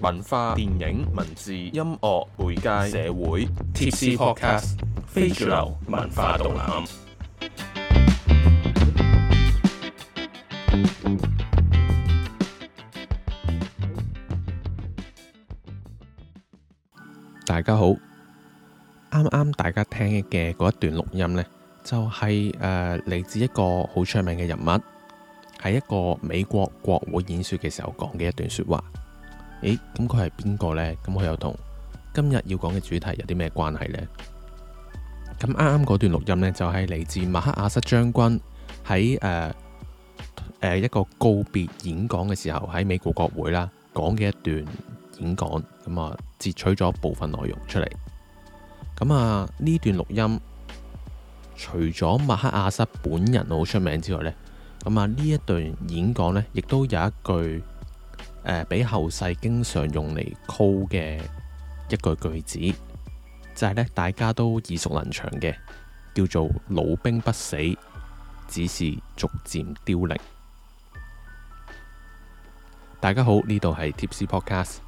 文化、電影、文字、音樂、媒介、社會，Tipsy Podcast, Podcast 非主流文化導覽、嗯嗯。大家好，啱啱大家聽嘅嗰一段錄音呢，就係誒嚟自一個好出名嘅人物，喺一個美國國會演說嘅時候講嘅一段說話。誒，咁佢係邊個呢？咁佢又同今日要講嘅主題有啲咩關係呢？咁啱啱嗰段錄音呢，就係嚟自麥克阿瑟將軍喺誒、呃呃、一個告別演講嘅時候，喺美國國會啦講嘅一段演講，咁啊截取咗部分內容出嚟。咁啊呢段錄音，除咗麥克阿瑟本人好出名之外呢，咁啊呢一段演講呢，亦都有一句。誒，俾後世經常用嚟 call 嘅一句句子，就係咧，大家都耳熟能詳嘅，叫做老兵不死，只是逐漸凋零。大家好，呢度係 Tipsy Podcast。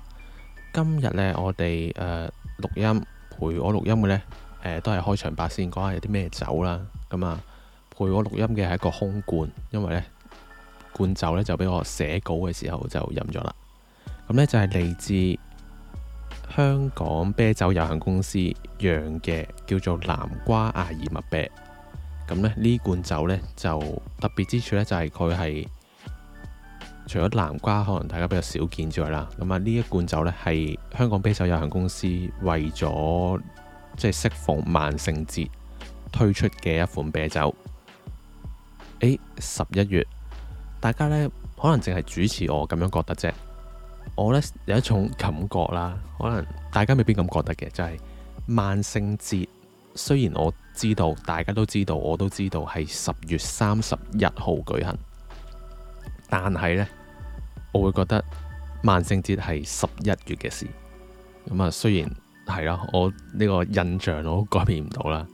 今日呢，我哋誒錄音，陪我錄音嘅呢，都係開場白先，講下有啲咩酒啦。咁啊，陪我錄音嘅係一個空罐，因為呢。罐酒咧就俾我寫稿嘅時候就飲咗啦。咁呢，就係嚟自香港啤酒有限公司釀嘅叫做南瓜艾爾麥啤。咁呢，呢罐酒呢，就特別之處呢，就係佢係除咗南瓜，可能大家比較少見之外啦。咁啊呢一罐酒呢，係香港啤酒有限公司為咗即係適逢萬聖節推出嘅一款啤酒。誒十一月。大家呢，可能淨係主持我咁樣覺得啫，我呢，有一種感覺啦，可能大家未必咁覺得嘅，就係萬聖節。雖然我知道，大家都知道，我都知道係十月三十一號舉行，但係呢，我會覺得萬聖節係十一月嘅事。咁、嗯、啊，雖然係咯，我呢個印象我都改變唔到啦。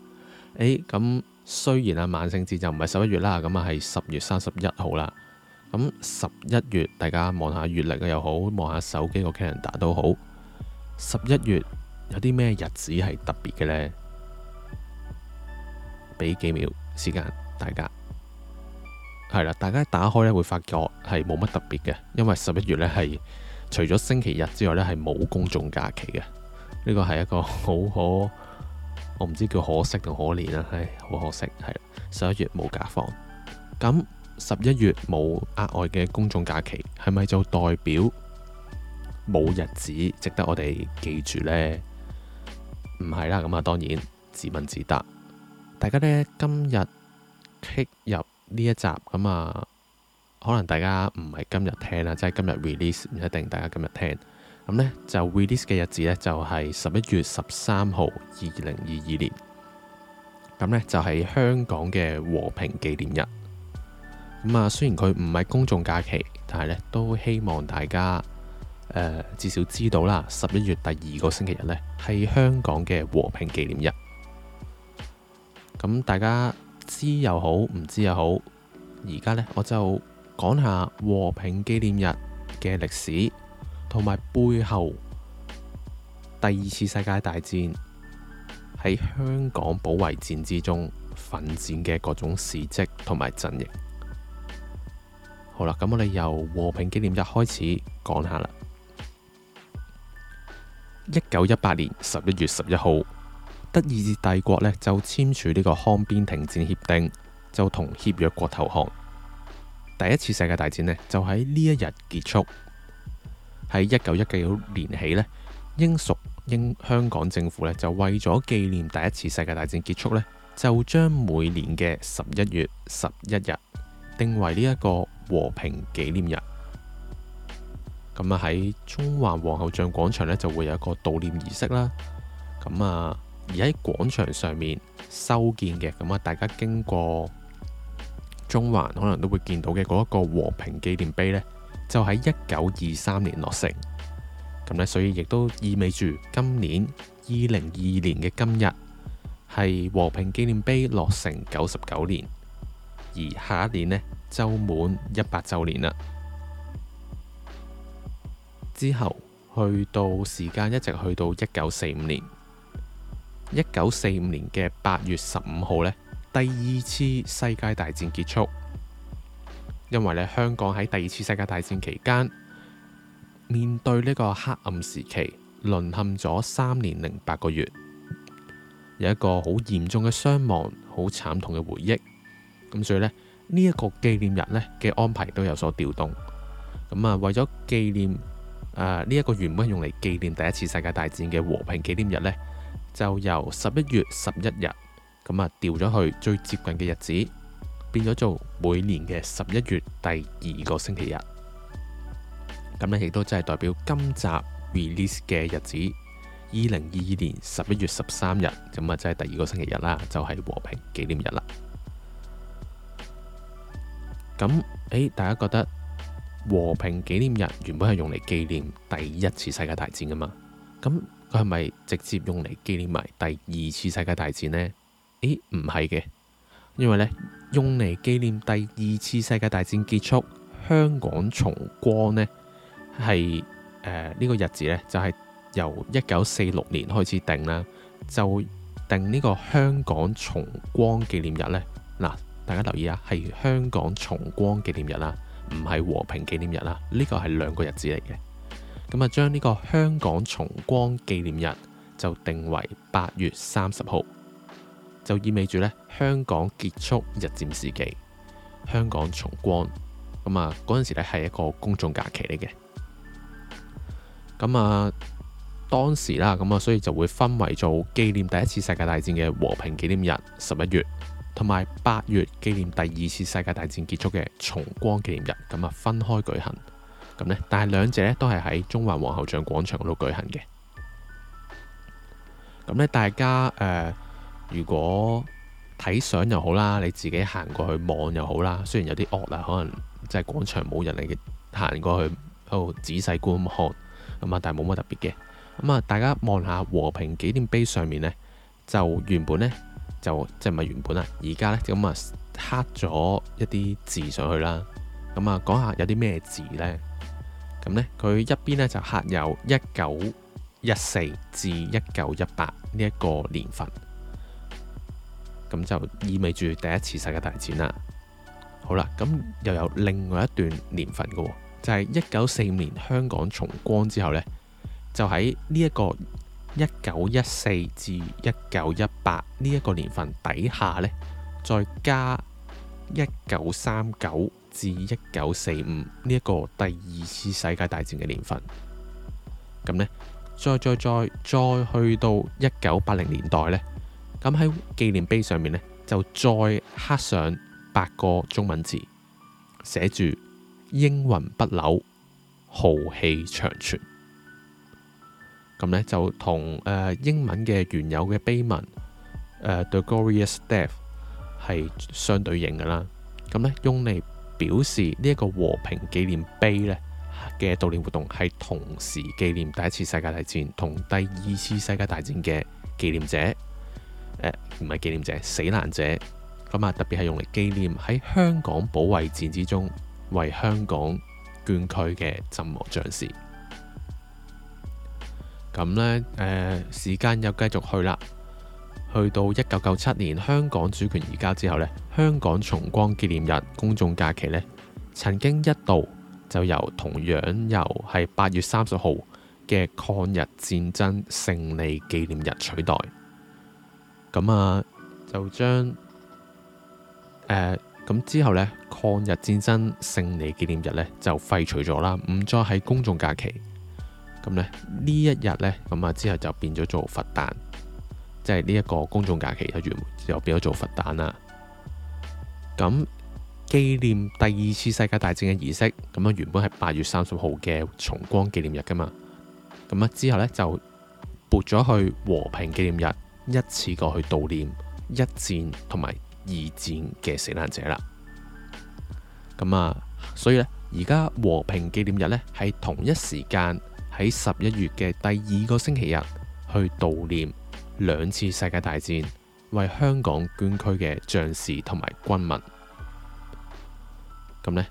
誒，咁雖然啊萬聖節就唔係十一月啦，咁啊係十月三十一號啦。咁十一月，大家望下月曆又好，望下手機個 calendar 都好。十一月有啲咩日子係特別嘅呢？俾幾秒時間大家。係啦，大家打開咧會發覺係冇乜特別嘅，因為十一月咧係除咗星期日之外咧係冇公眾假期嘅。呢個係一個好可，我唔知叫可惜同可憐啦，唉，好可惜，係十一月冇假放。咁十一月冇額外嘅公眾假期，係咪就代表冇日子值得我哋記住呢？唔係啦，咁啊，當然自問自答。大家呢，今日入呢一集咁啊，可能大家唔係今日聽啦，即係今日 release 唔一定。大家今日聽咁呢，就 release 嘅日子呢，就係十一月十三號，二零二二年。咁呢，就係香港嘅和平紀念日。咁、嗯、啊，雖然佢唔係公眾假期，但係咧都希望大家誒、呃，至少知道啦。十一月第二個星期日咧，係香港嘅和平紀念日。咁、嗯、大家知又好，唔知又好。而家呢，我就講下和平紀念日嘅歷史，同埋背後第二次世界大戰喺香港保衛戰之中奮戰嘅各種事跡同埋陣營。好啦，咁我哋由和平紀念日開始講下啦。一九一八年十一月十一號，德意志帝國呢就簽署呢個康邊停戰協定，就同協約國投降。第一次世界大戰呢就喺呢一日結束。喺一九一九年起呢，英屬英香港政府呢就為咗紀念第一次世界大戰結束呢，就將每年嘅十一月十一日定為呢一個。和平紀念日，咁啊喺中環皇后像廣場呢，就會有一個悼念儀式啦。咁啊而喺廣場上面修建嘅咁啊，大家經過中環可能都會見到嘅嗰一個和平紀念碑呢，就喺一九二三年落成。咁呢，所以亦都意味住今年二零二二年嘅今日係和平紀念碑落成九十九年，而下一年呢。周滿一百周年啦，之後去到時間一直去到一九四五年，一九四五年嘅八月十五號呢，第二次世界大戰結束，因為呢，香港喺第二次世界大戰期間面對呢個黑暗時期，淪陷咗三年零八個月，有一個好嚴重嘅傷亡，好慘痛嘅回憶，咁所以呢。呢、這、一個紀念日呢嘅安排都有所調動，咁啊，為咗紀念誒呢一個原本用嚟紀念第一次世界大戰嘅和平紀念日呢，就由十一月十一日咁啊調咗去最接近嘅日子，變咗做每年嘅十一月第二個星期日。咁呢，亦都真係代表今集 release 嘅日子，二零二二年十一月十三日，咁啊，即係第二個星期日啦，就係、是、和平紀念日啦。咁誒，大家覺得和平紀念日原本係用嚟紀念第一次世界大戰㗎嘛？咁佢係咪直接用嚟紀念埋第二次世界大戰呢？誒唔係嘅，因為呢用嚟紀念第二次世界大戰結束，香港重光呢，係誒呢個日子呢就係由一九四六年開始定啦，就定呢個香港重光紀念日呢嗱。大家留意啊，係香港重光嘅紀念日啦，唔係和平紀念日啦。呢個係兩個日子嚟嘅。咁啊，將呢個香港重光紀念日就定為八月三十號，就意味住呢香港結束日戰時期，香港重光。咁啊，嗰陣時呢係一個公眾假期嚟嘅。咁啊，當時啦，咁啊，所以就會分為做紀念第一次世界大戰嘅和平紀念日，十一月。同埋八月紀念第二次世界大戰結束嘅重光紀念日，咁啊分開舉行咁呢。但係兩者都係喺中環皇后像廣場度舉行嘅。咁呢。大家誒、呃，如果睇相又好啦，你自己行過去望又好啦。雖然有啲惡啊，可能即係廣場冇人嚟嘅，行過去喺度、哦、仔細觀看咁啊，但係冇乜特別嘅。咁啊，大家望下和平紀念碑上面呢，就原本呢。就即係唔係原本啊？而家呢，咁啊，刻咗一啲字上去啦。咁啊，講下有啲咩字呢？咁呢，佢一邊呢就刻有一九一四至一九一八呢一個年份，咁就意味住第一次世界大戰啦。好啦，咁又有另外一段年份嘅喎、哦，就係一九四五年香港重光之後呢，就喺呢一個，一九一四至一九一八呢一個年份底下呢，再加一九三九至一九四五呢一個第二次世界大戰嘅年份，咁呢，再再再再去到一九八零年代呢，咁喺紀念碑上面呢，就再刻上八個中文字，寫住英魂不朽，豪氣長存。咁咧就同誒、呃、英文嘅原有嘅碑文誒 The Glorious Death 係相對應嘅啦。咁咧用嚟表示呢一個和平紀念碑咧嘅悼念活動，係同時紀念第一次世界大戰同第二次世界大戰嘅紀念者。誒唔係紀念者，死難者。咁啊特別係用嚟紀念喺香港保衛戰之中為香港捐軀嘅陣亡將士。咁呢誒、呃、時間又繼續去啦，去到一九九七年香港主權移交之後呢，香港重光紀念日公眾假期呢曾經一度就由同樣由係八月三十號嘅抗日戰爭勝利紀念日取代。咁啊，就將誒咁之後呢，抗日戰爭勝利紀念日呢就廢除咗啦，唔再喺公眾假期。咁咧呢一日呢，咁啊之後就變咗做佛誕，即係呢一個公眾假期。佢原又變咗做佛誕啦。咁紀念第二次世界大戰嘅儀式，咁樣原本係八月三十號嘅重光紀念日噶嘛。咁啊之後呢，就撥咗去和平紀念日，一次過去悼念一戰同埋二戰嘅死難者啦。咁啊，所以呢，而家和平紀念日呢，喺同一時間。喺十一月嘅第二個星期日去悼念兩次世界大戰，為香港捐軀嘅將士同埋軍民。咁咧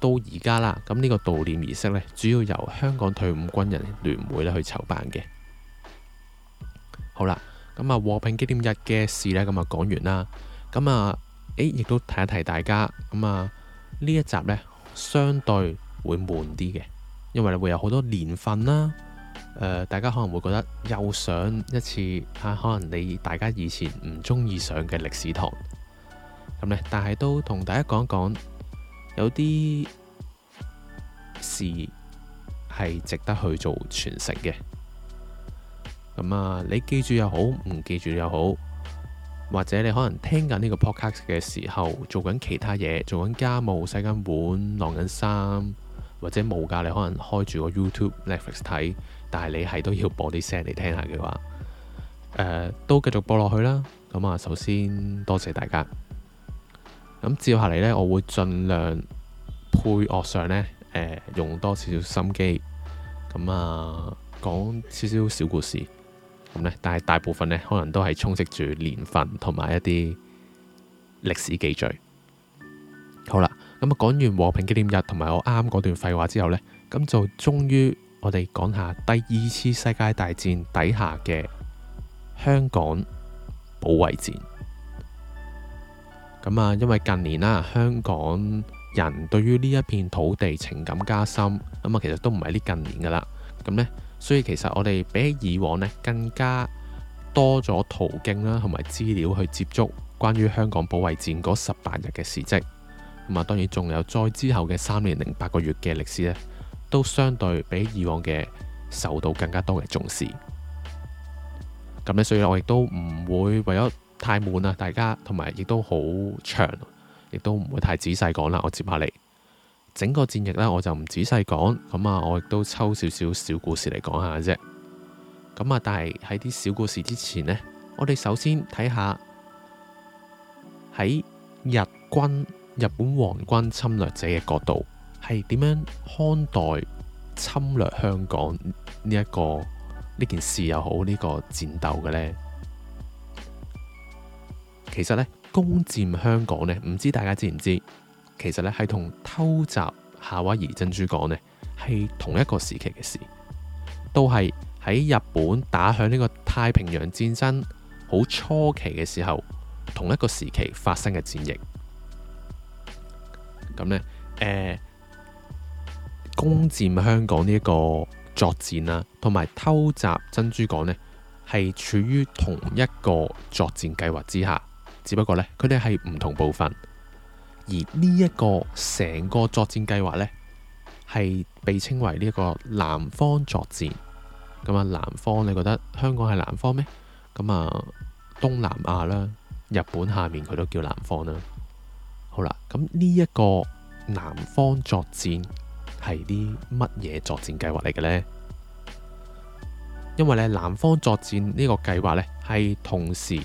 到而家啦，咁呢個悼念儀式呢，主要由香港退伍軍人聯會咧去籌辦嘅。好啦，咁啊和平紀念日嘅事呢，咁啊講完啦。咁啊，誒，亦都提一提大家。咁啊呢一集呢，相對會悶啲嘅。因為你會有好多年份啦，呃，大家可能會覺得又上一次，啊，可能你大家以前唔中意上嘅歷史堂，咁咧，但係都同大家講一講，有啲事係值得去做傳承嘅。咁啊，你記住又好，唔記住又好，或者你可能聽緊呢個 podcast 嘅時候，做緊其他嘢，做緊家務，洗緊碗，晾緊衫。或者無價你可能開住個 YouTube、Netflix 睇，但係你係都要播啲聲嚟聽下嘅話，呃、都繼續播落去啦。咁啊，首先多謝大家。咁接下嚟呢，我會盡量配樂上呢，呃、用多少少心機。咁啊，講少少小故事。咁呢，但係大部分呢，可能都係充斥住年份同埋一啲歷史記載。好啦。咁啊，講完和平紀念日同埋我啱啱嗰段廢話之後呢，咁就終於我哋講下第二次世界大戰底下嘅香港保衛戰。咁啊，因為近年啦，香港人對於呢一片土地情感加深，咁啊，其實都唔係呢近年噶啦。咁呢，所以其實我哋比起以往呢，更加多咗途徑啦，同埋資料去接觸關於香港保衛戰嗰十八日嘅事跡。咁啊，當然仲有再之後嘅三年零八個月嘅歷史咧，都相對比以往嘅受到更加多嘅重視。咁呢，所以我亦都唔會為咗太悶，啊，大家同埋亦都好長，亦都唔會太仔細講啦。我接下嚟整個戰役呢，我就唔仔細講。咁啊，我亦都抽少少小故事嚟講下啫。咁啊，但係喺啲小故事之前呢，我哋首先睇下喺日軍。日本皇軍侵略者嘅角度係點樣看待侵略香港呢一個呢件事又好呢個戰鬥嘅呢？其實呢，攻佔香港呢，唔知大家知唔知？其實呢係同偷襲夏威夷珍珠港呢，係同一個時期嘅事，都係喺日本打響呢個太平洋戰爭好初期嘅時候，同一個時期發生嘅戰役。咁咧，誒、呃、攻佔香港呢一個作戰啦、啊，同埋偷襲珍珠港咧，係處於同一個作戰計劃之下，只不過咧，佢哋係唔同部分。而呢一個成個作戰計劃咧，係被稱為呢個南方作戰。咁啊，南方你覺得香港係南方咩？咁啊，東南亞啦、日本下面佢都叫南方啦。好啦，咁呢一個南方作戰係啲乜嘢作戰計劃嚟嘅呢？因為咧，南方作戰呢個計劃呢，係同時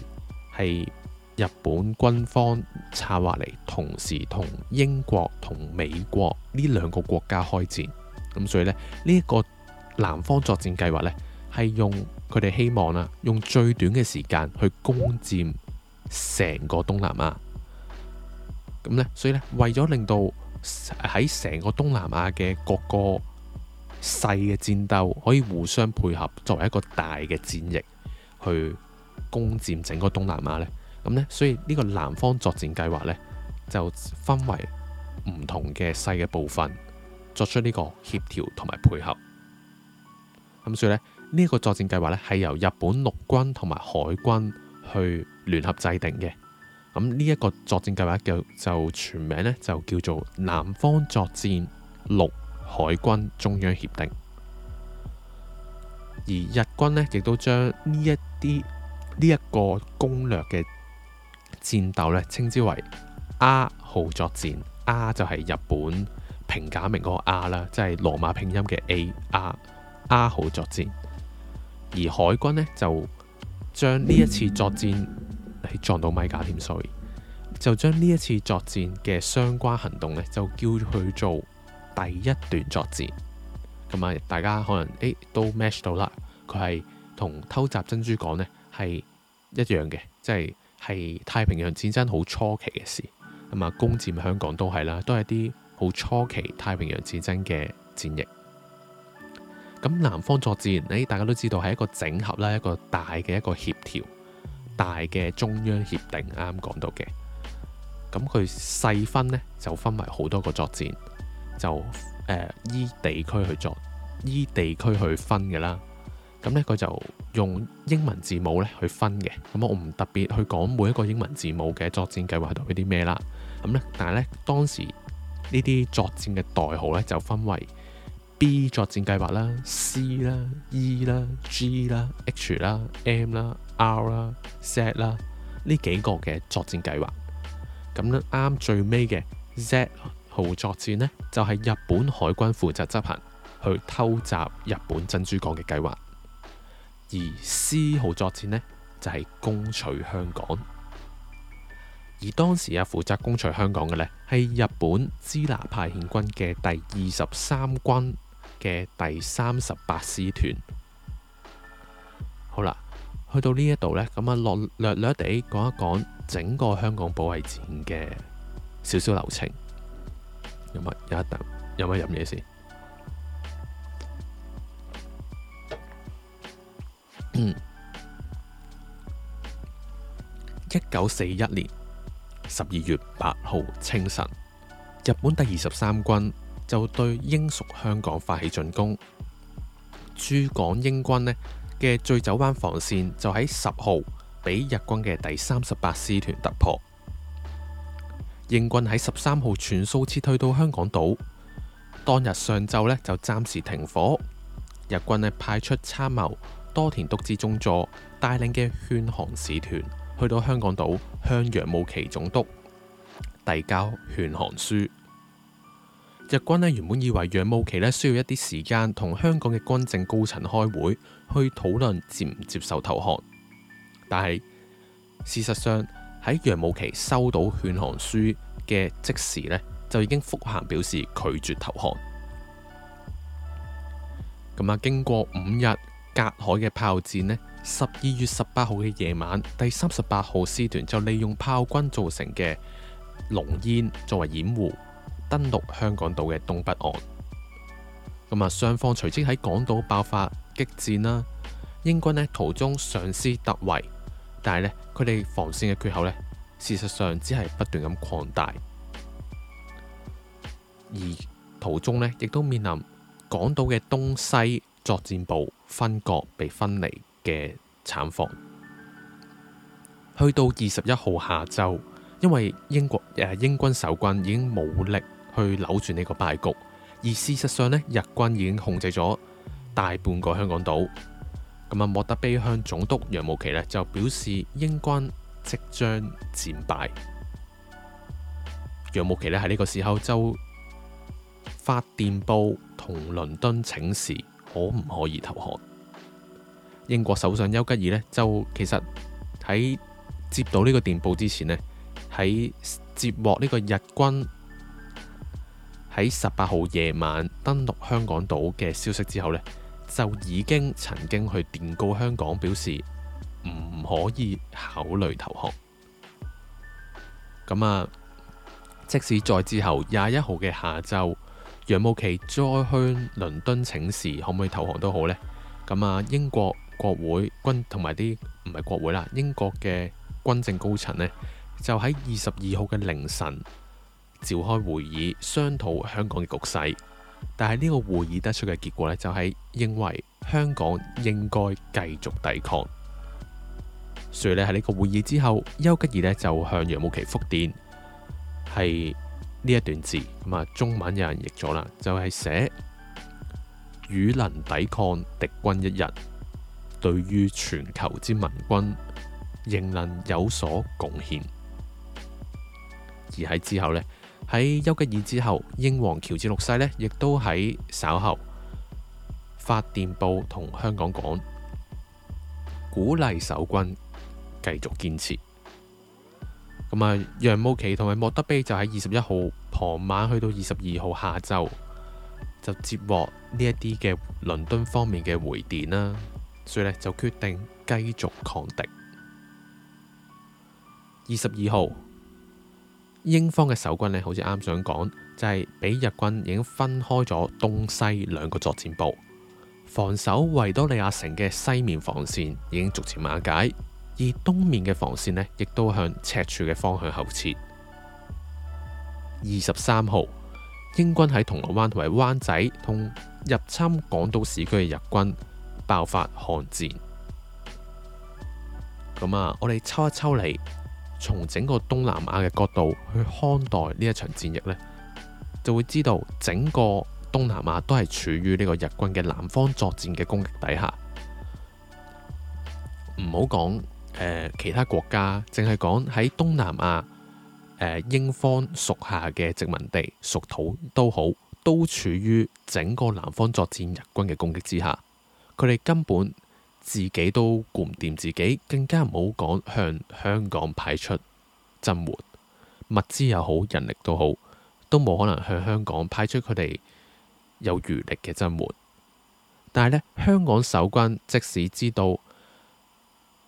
係日本軍方策劃嚟，同時同英國同美國呢兩個國家開戰。咁所以呢，呢、這、一個南方作戰計劃呢，係用佢哋希望啦、啊，用最短嘅時間去攻佔成個東南亞。咁咧，所以咧，為咗令到喺成個東南亞嘅各個細嘅戰鬥可以互相配合，作為一個大嘅戰役去攻佔整個東南亞呢，咁咧，所以呢個南方作戰計劃呢，就分為唔同嘅細嘅部分，作出呢個協調同埋配合。咁所以咧，呢一個作戰計劃呢，係由日本陸軍同埋海軍去聯合制定嘅。咁呢一個作戰計劃叫就全名咧，就叫做南方作戰陸海軍中央協定，而日軍咧，亦都將呢一啲呢一個攻略嘅戰鬥咧，稱之為 R 號作戰，R 就係日本平假名嗰個 R 啦，即係羅馬拼音嘅 AR，R 號作戰，而海軍咧，就將呢一次作戰，嗯。撞到米格添，所以就將呢一次作戰嘅相關行動呢，就叫佢做第一段作戰。咁啊，大家可能誒、欸、都 match 到啦，佢係同偷襲珍珠港呢係一樣嘅，即係係太平洋戰爭好初期嘅事。咁啊，攻占香港都係啦，都係啲好初期太平洋戰爭嘅戰役。咁南方作戰，誒、欸、大家都知道係一個整合啦，一個大嘅一個協調。大嘅中央協定啱啱講到嘅，咁佢細分呢就分為好多個作戰，就誒依、呃、地區去作依地區去分嘅啦。咁呢，佢就用英文字母呢去分嘅。咁我唔特別去講每一個英文字母嘅作戰計劃代表啲咩啦。咁呢，但係呢，當時呢啲作戰嘅代號呢就分為 B 作戰計劃啦、C 啦、E 啦、G 啦、H 啦、M 啦。R 啦、啊、Z 啦、啊、呢幾個嘅作戰計劃，咁呢啱最尾嘅 Z 號作戰呢，就係、是、日本海軍負責執行去偷襲日本珍珠港嘅計劃，而 C 號作戰呢，就係、是、攻取香港，而當時也負責攻取香港嘅呢，係日本支那派遣軍嘅第二十三軍嘅第三十八師團。好啦。去到呢一度呢，咁啊，落略略地講一講整個香港保衞戰嘅少少流程。有乜有啊？有乜飲嘢先？一九四一年十二月八號清晨，日本第二十三軍就對英屬香港發起進攻。駐港英軍呢，嘅醉酒灣防線就喺十號俾日軍嘅第三十八師團突破，英軍喺十三號全數撤退到香港島。當日上晝呢就暫時停火，日軍咧派出參謀多田督治中佐帶領嘅勸降使團去到香港島向楊慕琦總督遞交勸降書。日軍咧原本以為楊慕琪需要一啲時間同香港嘅軍政高層開會去討論接唔接受投降，但係事實上喺楊慕琪收到勸降書嘅即時呢就已經覆函表示拒絕投降。咁啊，經過五日隔海嘅炮戰呢，十二月十八號嘅夜晚，第三十八號師團就利用炮軍造成嘅濃煙作為掩護。登陸香港島嘅東北岸，咁啊，雙方隨即喺港島爆發激戰啦。英軍呢途中嘗試突圍，但係呢佢哋防線嘅缺口呢，事實上只係不斷咁擴大，而途中呢亦都面臨港島嘅東西作戰部分割被分離嘅慘況。去到二十一號下晝，因為英國誒、啊、英軍守軍已經冇力。去扭轉呢個敗局，而事實上呢，日軍已經控制咗大半個香港島。咁啊，莫德卑向總督楊慕琦呢就表示英軍即將戰敗。楊慕琦呢喺呢個時候就發電報同倫敦請示，可唔可以投降？英國首相丘吉爾呢，就其實喺接到呢個電報之前呢，喺接獲呢個日軍。喺十八號夜晚登陸香港島嘅消息之後，呢就已經曾經去電告香港，表示唔可以考慮投降。咁啊，即使再之後廿一號嘅下晝，楊慕琪再向倫敦請示可唔可以投降都好呢，咁啊，英國國會軍同埋啲唔係國會啦，英國嘅軍政高層呢，就喺二十二號嘅凌晨。召開會議，商討香港嘅局勢，但係呢個會議得出嘅結果呢，就係、是、認為香港應該繼續抵抗。所以呢喺呢這個會議之後，丘吉爾呢就向楊慕琦復電，係呢一段字咁啊，中文有人譯咗啦，就係、是、寫：汝能抵抗敵軍一日，對於全球之民軍仍能有所貢獻。而喺之後呢。喺丘吉爾之後，英皇喬治六世呢亦都喺稍後發電報同香港講，鼓勵守軍繼續堅持。咁啊，楊慕琦同埋莫德庇就喺二十一號傍晚去到二十二號下晝，就接獲呢一啲嘅倫敦方面嘅回電啦，所以呢，就決定繼續抗敵。二十二號。英方嘅守軍咧，好似啱想講，就係、是、俾日軍已經分開咗東西兩個作戰部，防守維多利亞城嘅西面防線已經逐漸瓦解，而東面嘅防線咧，亦都向赤柱嘅方向後撤。二十三號，英軍喺銅鑼灣同埋灣仔同入侵港島市區嘅日軍爆發巷戰。咁啊，我哋抽一抽嚟。從整個東南亞嘅角度去看待呢一場戰役呢，就會知道整個東南亞都係處於呢個日軍嘅南方作戰嘅攻擊底下。唔好講、呃、其他國家，淨係講喺東南亞、呃、英方屬下嘅殖民地、屬土都好，都處於整個南方作戰日軍嘅攻擊之下，佢哋根本。自己都顧唔掂，自己更加唔好講向香港派出增援物資又好，人力都好，都冇可能向香港派出佢哋有餘力嘅增援。但係咧，香港守軍即使知道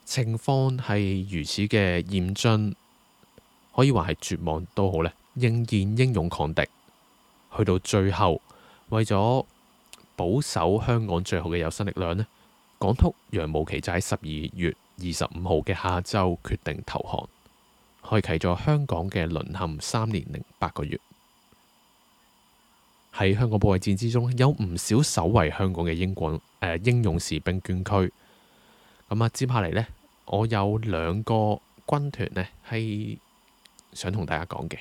情況係如此嘅嚴峻，可以話係絕望都好咧，仍然英勇抗敵，去到最後為咗保守香港最好嘅有生力量咧。港督楊慕琦就喺十二月二十五號嘅下晝決定投降，開啟咗香港嘅淪陷三年零八個月。喺香港保衛戰之中有唔少守衛香港嘅英軍誒、啊、英勇士兵捐軀。咁啊，接下嚟呢，我有兩個軍團呢係想同大家講嘅。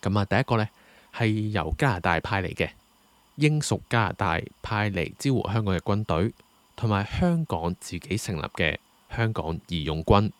咁啊，第一個呢係由加拿大派嚟嘅，英屬加拿大派嚟支援香港嘅軍隊。同埋香港自己成立嘅香港義勇軍。